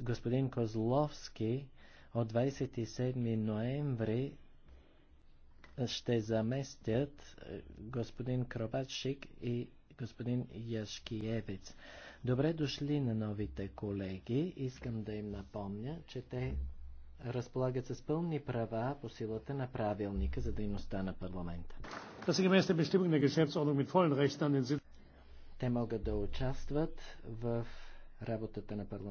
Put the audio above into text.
господин Козловски от 27 ноември ще заместят е, господин Кробачик и господин Яшкиевец. Добре дошли на новите колеги. Искам да им напомня, че те разполагат с пълни права по силата на правилника за дейността на парламента. Те могат да участват в работата на парламента.